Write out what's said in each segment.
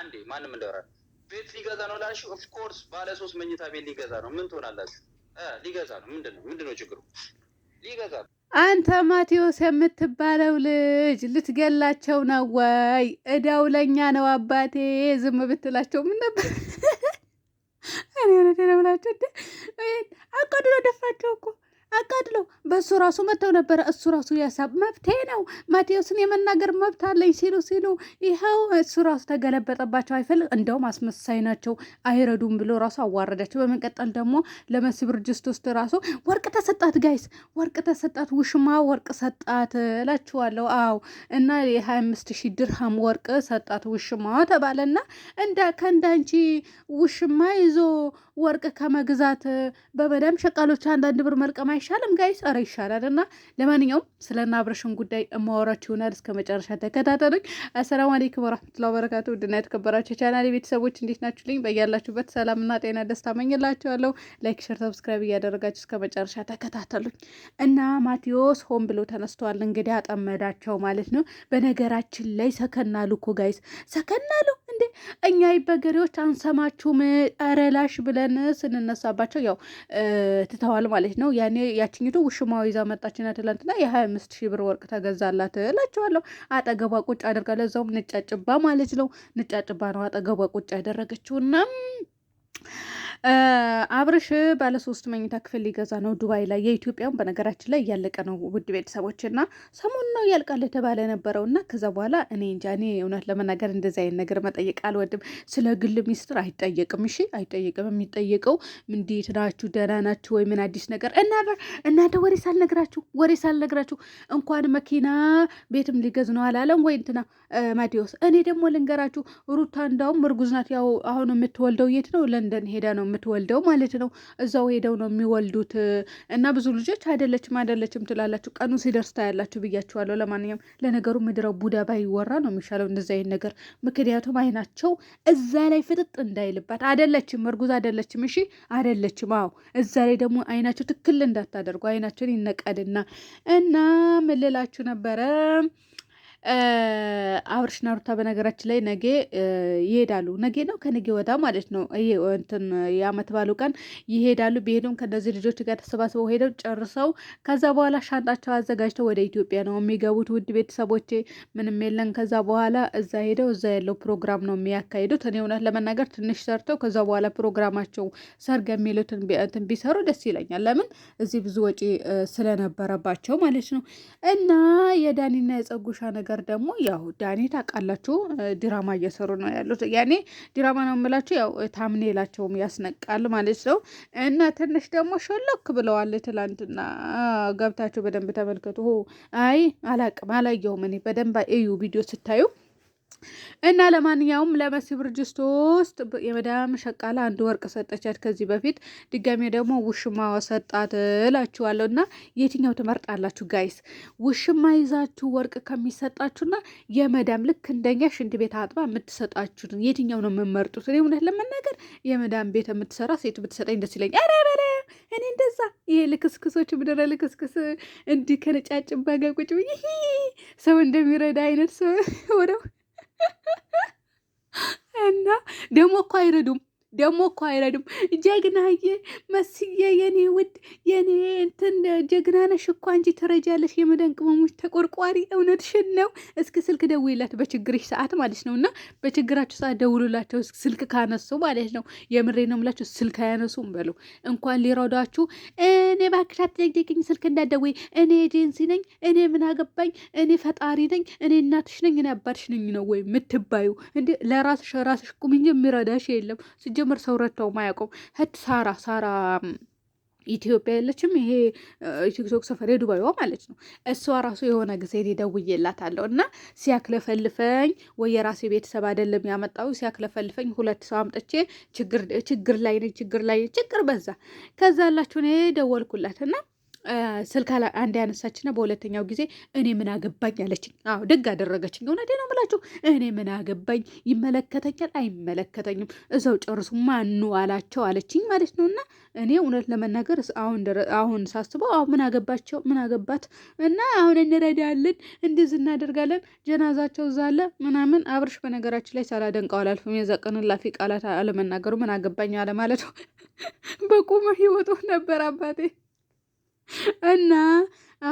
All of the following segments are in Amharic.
አንዴ ማንም እንደወራ ቤት ሊገዛ ነው ላልሽው፣ ኦፍኮርስ ባለ ሶስት መኝታ ቤት ሊገዛ ነው። ምን ትሆናላችሁ? ሊገዛ ነው። ምንድን ነው ምንድን ነው ችግሩ? ሊገዛ ነው። አንተ ማቴዎስ የምትባለው ልጅ ልትገላቸው ነው ወይ? እዳው ለእኛ ነው አባቴ። ዝም ብትላቸው ምን ነበር? እኔ እውነቴን ነው አቀዱ አቀድሎ ደፋቸው እኮ አቃድለው በእሱ ራሱ መተው ነበረ። እሱ ራሱ ያሳብ መብቴ ነው ማቴዎስን የመናገር መብት አለኝ ሲሉ ሲሉ ይኸው እሱ ራሱ ተገለበጠባቸው። አይፈልግ እንደውም አስመሳይ ናቸው አይረዱም ብሎ ራሱ አዋረዳቸው። በመቀጠል ደግሞ ለመስህ ብርጅስት ውስጥ ራሱ ወርቅ ተሰጣት፣ ጋይስ ወርቅ ተሰጣት፣ ውሽማ ወርቅ ሰጣት እላችኋለሁ። አዎ እና የሀያ አምስት ሺህ ድርሃም ወርቅ ሰጣት ውሽማ ተባለና እንደ ከእንዳንቺ ውሽማ ይዞ ወርቅ ከመግዛት በመዳም ሸቃሎች አንዳንድ ብር መልቀም አይሻልም? ጋይስ ኧረ ይሻላል። እና ለማንኛውም ስለ አብረሽን ጉዳይ እማወራችሁ ይሆናል። እስከ መጨረሻ ተከታተሉኝ። አሰላሙ አሌይኩም ወራህመቱላሂ ወበረካቱ። ውድና የተከበራችሁ የቻናሌ ቤተሰቦች እንዴት ናችሁልኝ? በያላችሁበት ሰላምና ጤና ደስታ መኝላችኋለሁ። ላይክ፣ ሸር፣ ሰብስክራይብ እያደረጋችሁ እስከ መጨረሻ ተከታተሉኝ። እና ማቴዎስ ሆን ብሎ ተነስተዋል። እንግዲህ አጠመዳቸው ማለት ነው። በነገራችን ላይ ሰከናሉ እኮ ጋይስ ሰከናሉ እንዴ! እኛ ይበገሬዎች አንሰማችሁም ረላሽ ብለን ብለን ስንነሳባቸው ያው ትተዋል ማለት ነው። ያኔ ያችኝቱ ውሽማዋ ይዛ መጣችና ትላንትና የሀያ አምስት ሺህ ብር ወርቅ ተገዛላት እላቸዋለሁ። አጠገቧ ቁጭ አድርጋለ ለዛውም ንጫጭባ ማለት ነው። ንጫጭባ ነው አጠገቧ ቁጭ ያደረገችውና አብርሽ ባለሶስት መኝታ ክፍል ሊገዛ ነው ዱባይ ላይ። የኢትዮጵያውን በነገራችን ላይ እያለቀ ነው ውድ ቤተሰቦች እና ሰሞኑን ነው ያልቃል የተባለ ነበረው እና ከዛ በኋላ እኔ እንጃ። እኔ እውነት ለመናገር እንደዚ አይነት ነገር መጠየቅ አልወድም። ስለ ግል ሚስጥር አይጠየቅም። እሺ አይጠየቅም። የሚጠየቀው እንዴት ናችሁ፣ ደህና ናችሁ ወይ፣ ምን አዲስ ነገር እና እናንተ ወሬ ሳልነግራችሁ ወሬ ሳልነግራችሁ እንኳን መኪና ቤትም ሊገዝ ነው አላለም ወይ እንትና ማቴዎስ። እኔ ደግሞ ልንገራችሁ ሩታ እንዳውም እርጉዝ ናት። ያው አሁን የምትወልደው የት ነው? ለንደን ሄዳ ነው የምትወልደው ማለት ማለት ነው። እዛው ሄደው ነው የሚወልዱት እና ብዙ ልጆች አይደለችም አይደለችም ትላላችሁ፣ ቀኑ ሲደርስ ታያላችሁ ብያችኋለሁ። ለማንኛውም ለነገሩ ምድረ ቡዳ ባይወራ ነው የሚሻለው እንደዚ አይነት ነገር፣ ምክንያቱም አይናቸው እዛ ላይ ፍጥጥ እንዳይልባት። አይደለችም እርጉዝ አይደለችም፣ እሺ አይደለችም። አዎ እዛ ላይ ደግሞ አይናቸው ትክክል እንዳታደርጉ አይናቸውን ይነቀልና እና ምልላችሁ ነበረ አብርሽና ሩታ በነገራችን ላይ ነገ ይሄዳሉ። ነገ ነው ከነገ ወዳ ማለት ነው። እንትን የአመት ባሉ ቀን ይሄዳሉ። ቢሄዱም ከነዚህ ልጆች ጋር ተሰባስበው ሄደው ጨርሰው ከዛ በኋላ ሻንጣቸው አዘጋጅተው ወደ ኢትዮጵያ ነው የሚገቡት። ውድ ቤተሰቦቼ ምንም የለን። ከዛ በኋላ እዛ ሄደው እዛ ያለው ፕሮግራም ነው የሚያካሂዱት። እኔ እውነት ለመናገር ትንሽ ሰርተው ከዛ በኋላ ፕሮግራማቸው ሰርግ የሚሉትን እንትን ቢሰሩ ደስ ይለኛል። ለምን እዚህ ብዙ ወጪ ስለነበረባቸው ማለት ነው። እና የዳኒና የፀጉሻ ነገር ነገር ደግሞ ያው ዳኔ ታውቃላችሁ ድራማ እየሰሩ ነው ያሉት። ያኔ ድራማ ነው የምላችሁ ያው ታምኔላቸውም ያስነቃል ማለት ነው። እና ትንሽ ደግሞ ሾሎክ ብለዋል ትላንትና። ገብታችሁ በደንብ ተመልከቱ። አይ አላቅም አላየሁም እኔ በደንብ እዩ ቪዲዮ ስታዩ እና ለማንኛውም ለመሲ ውስጥ የመዳም ሸቃላ አንድ ወርቅ ሰጠቻት። ከዚህ በፊት ድጋሜ ደግሞ ውሽማ ሰጣት እላችኋለሁ። እና የትኛው ትመርጣላችሁ ጋይስ? ውሽማ ይዛችሁ ወርቅ ከሚሰጣችሁና የመዳም ልክ እንደኛ ሽንት ቤት አጥባ የምትሰጣችሁትን የትኛው ነው የምመርጡት? እኔ እውነት ለመናገር የመዳም ቤት የምትሰራ ሴት ብትሰጠኝ ደስ ይለኝ። ኧረ እኔ እንደዛ ይሄ ልክስክሶች ምድረ ልክስክስ እንዲህ ከነጫጭባ ጋር ቁጭ ሰው እንደሚረዳ አይነት ሰው ወደው እና ደግሞ እኮ አይረዱም ደግሞ እኮ አይረድም። ጀግናዬ መስዬ የኔ ውድ የኔ እንትን ጀግና ነሽ እኮ አንቺ ትረጃለሽ። የመደንቅ መሞች ተቆርቋሪ እውነትሽን ነው። እስኪ ስልክ ደውይላት በችግርሽ ሰዓት ማለት ነው። እና በችግራችሁ ሰዓት ደውሉላቸው ስልክ ካነሱ ማለት ነው። የምሬ ነው የምላችሁ ስልክ አያነሱም በሉ እንኳን ሊረዷችሁ። እኔ እባክሽ አትደግደግኝ፣ ስልክ እንዳትደውይ። እኔ ኤጀንሲ ነኝ፣ እኔ ምን አገባኝ፣ እኔ ፈጣሪ ነኝ፣ እኔ እናትሽ ነኝ፣ እኔ አባትሽ ነኝ ነው ወይ የምትባዩ? እንዲ ለራስሽ ራስሽ ቁም እንጂ የሚረዳሽ የለም። ስጀ ሲጀምር ሰው ረድተው ማያውቀው ህት ሳራ ሳራ ኢትዮጵያ የለችም። ይሄ ቲክቶክ ሰፈር የዱባይዋ ማለት ነው። እሷ ራሱ የሆነ ጊዜ እኔ ደውዬላታለሁ እና ሲያክለፈልፈኝ ወይ የራሴ ቤተሰብ አይደለም ያመጣው ሲያክለፈልፈኝ ሁለት ሰው አምጥቼ ችግር ላይ ችግር ላይ ችግር በዛ ከዛ ላችሁ እኔ ደወልኩላት እና ስልክ አንድ ያነሳችና በሁለተኛው ጊዜ እኔ ምን አገባኝ አለችኝ። አዎ ደግ አደረገችኝ። እውነቴ ነው የምላችሁ። እኔ ምን አገባኝ፣ ይመለከተኛል አይመለከተኝም፣ እዛው ጨርሱ ማኑ አላቸው አለችኝ ማለት ነው። እና እኔ እውነት ለመናገር አሁን ሳስበው አሁ ምን አገባቸው ምን አገባት እና አሁን እንረዳለን፣ እንደዚህ እናደርጋለን፣ ጀናዛቸው እዛለ ምናምን። አብርሽ በነገራችን ላይ ሳላደንቀው አላልፍም። የዘቀንላፊ ቃላት አለመናገሩ ምን አገባኝ አለማለት በቁመ ህይወቱ ነበር አባቴ እና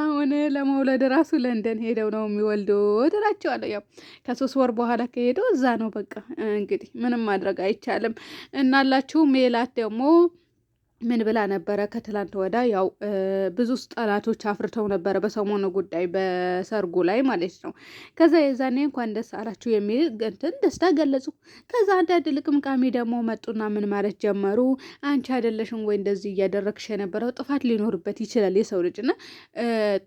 አሁን ለመውለድ ራሱ ለንደን ሄደው ነው የሚወልዱት እላቸዋለሁ። ያው ከሶስት ወር በኋላ ከሄደው እዛ ነው በቃ እንግዲህ ምንም ማድረግ አይቻልም። እናላችሁ ሜላት ደግሞ ምን ብላ ነበረ? ከትላንት ወዳ ያው ብዙ ጠላቶች አፍርተው ነበረ በሰሞኑ ጉዳይ በሰርጉ ላይ ማለት ነው። ከዛ የዛኔ እንኳን ደስ አላችሁ የሚል እንትን ደስታ ገለጹ። ከዛ አንዳንድ ቃሚ ደግሞ መጡና ምን ማለት ጀመሩ? አንቺ አይደለሽም ወይ እንደዚህ እያደረግሽ የነበረው? ጥፋት ሊኖርበት ይችላል የሰው ልጅ እና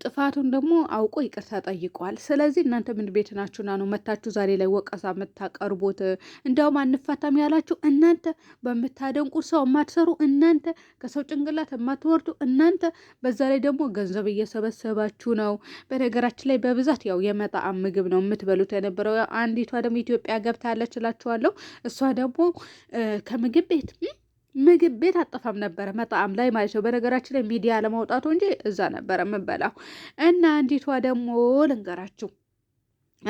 ጥፋቱን ደግሞ አውቆ ይቅርታ ጠይቋል። ስለዚህ እናንተ ምን ቤት ናችሁና ነው መታችሁ ዛሬ ላይ ወቀሳ የምታቀርቡት? እንዲያውም አንፋታም ያላችሁ እናንተ በምታደንቁ ሰው የማትሰሩ እናንተ ከሰው ጭንቅላት የማትወርዱ እናንተ፣ በዛ ላይ ደግሞ ገንዘብ እየሰበሰባችሁ ነው። በነገራችን ላይ በብዛት ያው የመጣዕም ምግብ ነው የምትበሉት የነበረው። አንዲቷ ደግሞ ኢትዮጵያ ገብታለች እላችኋለሁ። እሷ ደግሞ ከምግብ ቤት ምግብ ቤት አጠፋም ነበረ መጣዕም ላይ ማለት ነው። በነገራችን ላይ ሚዲያ ለማውጣቱ እንጂ እዛ ነበረ ምበላው እና አንዲቷ ደግሞ ልንገራችሁ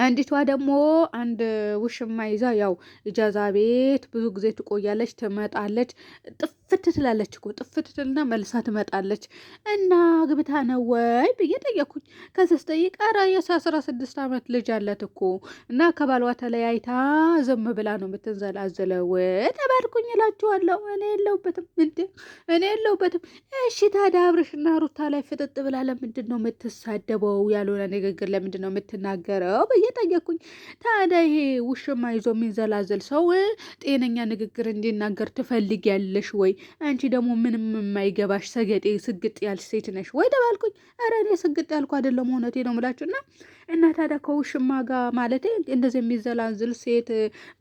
አንዲቷ ደግሞ አንድ ውሽማ ይዛ ያው እጃዛ ቤት ብዙ ጊዜ ትቆያለች፣ ትመጣለች፣ ጥፍት ትላለች እኮ ጥፍት ትልና መልሳ ትመጣለች። እና ግብታ ነው ወይ ብዬ ጠየኩኝ። ከዚያ ስጠይቅ ኧረ የአስራ ስድስት ዓመት ልጅ አላት እኮ እና ከባሏ ተለያይታ ዝም ብላ ነው የምትንዘላዘለው ተባልኩኝ እላችኋለሁ። እኔ የለሁበትም እንደ እኔ የለሁበትም። እሺ ታዲያ አብርሽና ሩታ ላይ ፍጥጥ ብላ ለምንድን ነው የምትሳደበው? ያልሆነ ንግግር ለምንድን ነው የምትናገረው? እየጠየኩኝ። ታዲያ ይሄ ውሽማ ይዞ የሚንዘላዘል ሰው ጤነኛ ንግግር እንዲናገር ትፈልጊያለሽ ወይ? አንቺ ደግሞ ምንም የማይገባሽ ሰገጤ ስግጥ ያል ሴት ነሽ ወይ ተባልኩኝ። ኧረ እኔ ስግጥ ያልኩ አይደለም እውነቴ ነው የምላችሁና እና ታዲያ ከውሽማ ጋር ማለት እንደዚህ የሚዘላዝል ሴት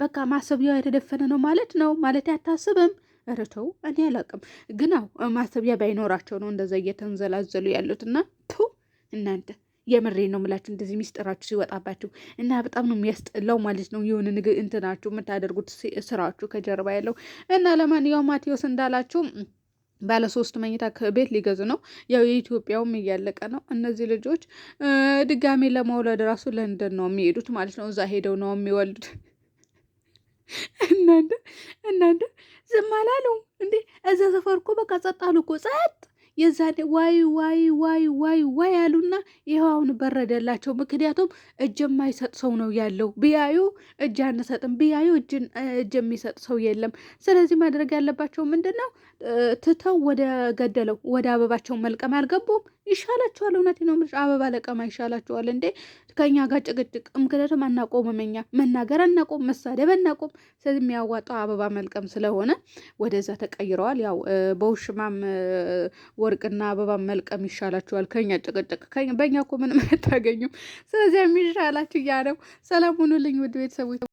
በቃ ማሰቢያ የተደፈነ ነው ማለት ነው ማለት አታስብም? ኧረ ተው እኔ አላቅም። ግን አዎ ባይኖራቸው ነው እንደዛ እየተንዘላዘሉ ያሉትና ቱ እናንተ የምሬ ነው ምላችሁ እንደዚህ ሚስጥራችሁ ሲወጣባችሁ እና በጣም ነው የሚያስጠላው ማለት ነው። የሆነ ንግ እንትናችሁ የምታደርጉት ስራችሁ ከጀርባ ያለው እና ለማንኛውም ማቴዎስ እንዳላችሁ ባለ ሶስት መኝታ ቤት ሊገዙ ነው። ያው የኢትዮጵያውም እያለቀ ነው። እነዚህ ልጆች ድጋሜ ለመውለድ ራሱ ለንደን ነው የሚሄዱት ማለት ነው። እዛ ሄደው ነው የሚወልድ። እናንተ እናንተ ዝም አላሉ እንዴ? እዛ ሰፈር እኮ በቃ ጸጥ አሉ እኮ ጸጥ የዛኔ ዋይ ዋይ ዋይ ዋይ ዋይ ያሉና ይኸው አሁን በረደላቸው። ምክንያቱም እጅ የማይሰጥ ሰው ነው ያለው። ብያዩ እጅ አንሰጥም፣ ብያዩ እጅ የሚሰጥ ሰው የለም። ስለዚህ ማድረግ ያለባቸው ምንድን ነው? ትተው ወደ ገደለው ወደ አበባቸው መልቀም አልገቡም። ይሻላችኋል። እውነት ነው የምልሽ። አበባ ለቀማ ይሻላችኋል እንዴ ከኛ ጋር ጭቅጭቅ። ምክንያቱም አናቆምም፣ እኛ መናገር አናቆም፣ መሳደብ አናቆም። ስለዚህ የሚያዋጣው አበባ መልቀም ስለሆነ ወደዛ ተቀይረዋል። ያው በውሽማም ወርቅና አበባ መልቀም ይሻላችኋል ከኛ ጭቅጭቅ። በእኛ እኮ ምንም አታገኙም። ስለዚህ የሚሻላችሁ እያ ነው። ሰላም ሁኑልኝ ውድ ቤተሰቦች።